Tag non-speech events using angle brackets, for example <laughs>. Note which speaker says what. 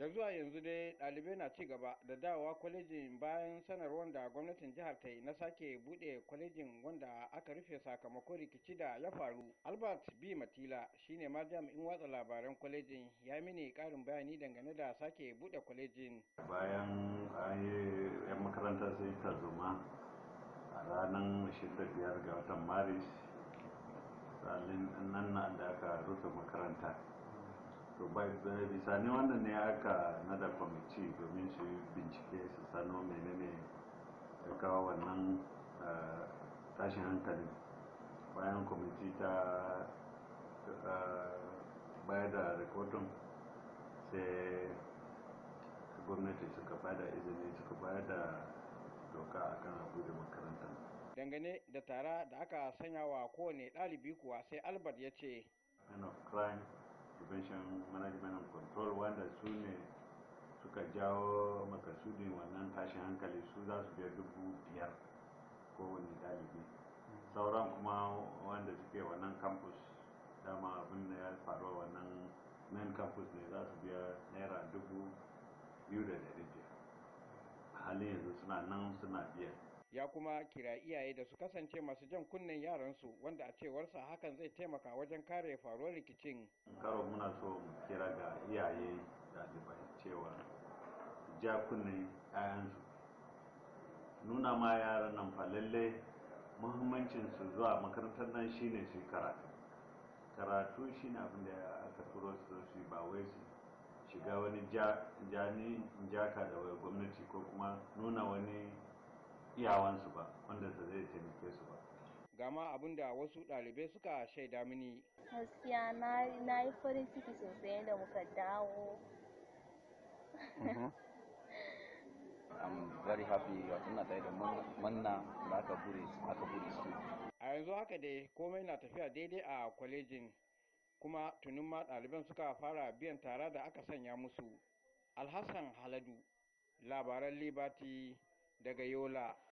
Speaker 1: da zuwa yanzu dai ɗalibai na ci gaba da dawowa kwalejin bayan sanarwar da gwamnatin jihar ta yi na sake buɗe kwalejin wanda aka rufe sakamako rikici da ya faru albert b matila shine ma jami'in watsa labaran kwalejin ya mini karin bayani dangane da sake buɗe kwalejin
Speaker 2: bayan an yi yan makaranta sun ta zuma a ranar 25 ga watan maris salin nan da aka rufe makaranta to bayan bisa ne wannan ne aka nada kwamiti domin su bincike su sano menene ya kawo wannan eh, tashin hankali bayan kwamiti ta eh, bayar da rikotun sai gwamnati suka bada izini suka bayar da doka
Speaker 1: akan abu da makaranta dangane da tara da aka sanya wa kowane ɗalibi kuwa sai albert ya ce
Speaker 2: crime prevention management and control wanda su ne suka jawo makasudin wannan tashin hankali su za su biya dubu biyar ko wani dalibi sauran kuma wanda suke wannan campus dama abin da ya faruwa wannan main campus ne za su biya naira dubu biyu da dari biyar halin yanzu suna nan suna biyar.
Speaker 1: ya kuma kira iyaye da su kasance masu jan kunnen yaransu wanda a cewarsa hakan zai taimaka wajen kare faruwar rikicin
Speaker 2: karo muna so mu kira ga iyaye ɗalibai cewa ja kunnen 'ya'yansu nuna ma yaran nan fa muhimmancin su zuwa makarantar nan shine su karatu karatu shine abin da aka turo su su ba wai su shiga wani jaka da gwamnati ko kuma nuna wani iyawansu ba wanda zai taimake su ba
Speaker 1: gama abin da wasu ɗalibai suka shaida mini gaskiya na yi farin ciki sosai da muka dawo mhm. <laughs> I'm very happy ya na ɗaya da
Speaker 2: manna da aka bude aka bure su
Speaker 1: a yanzu haka dai komai na tafiya daidai a kwalejin kuma tunin ma ɗaliban suka fara biyan tara da aka sanya musu alhassan haladu labaran liberty daga Yola.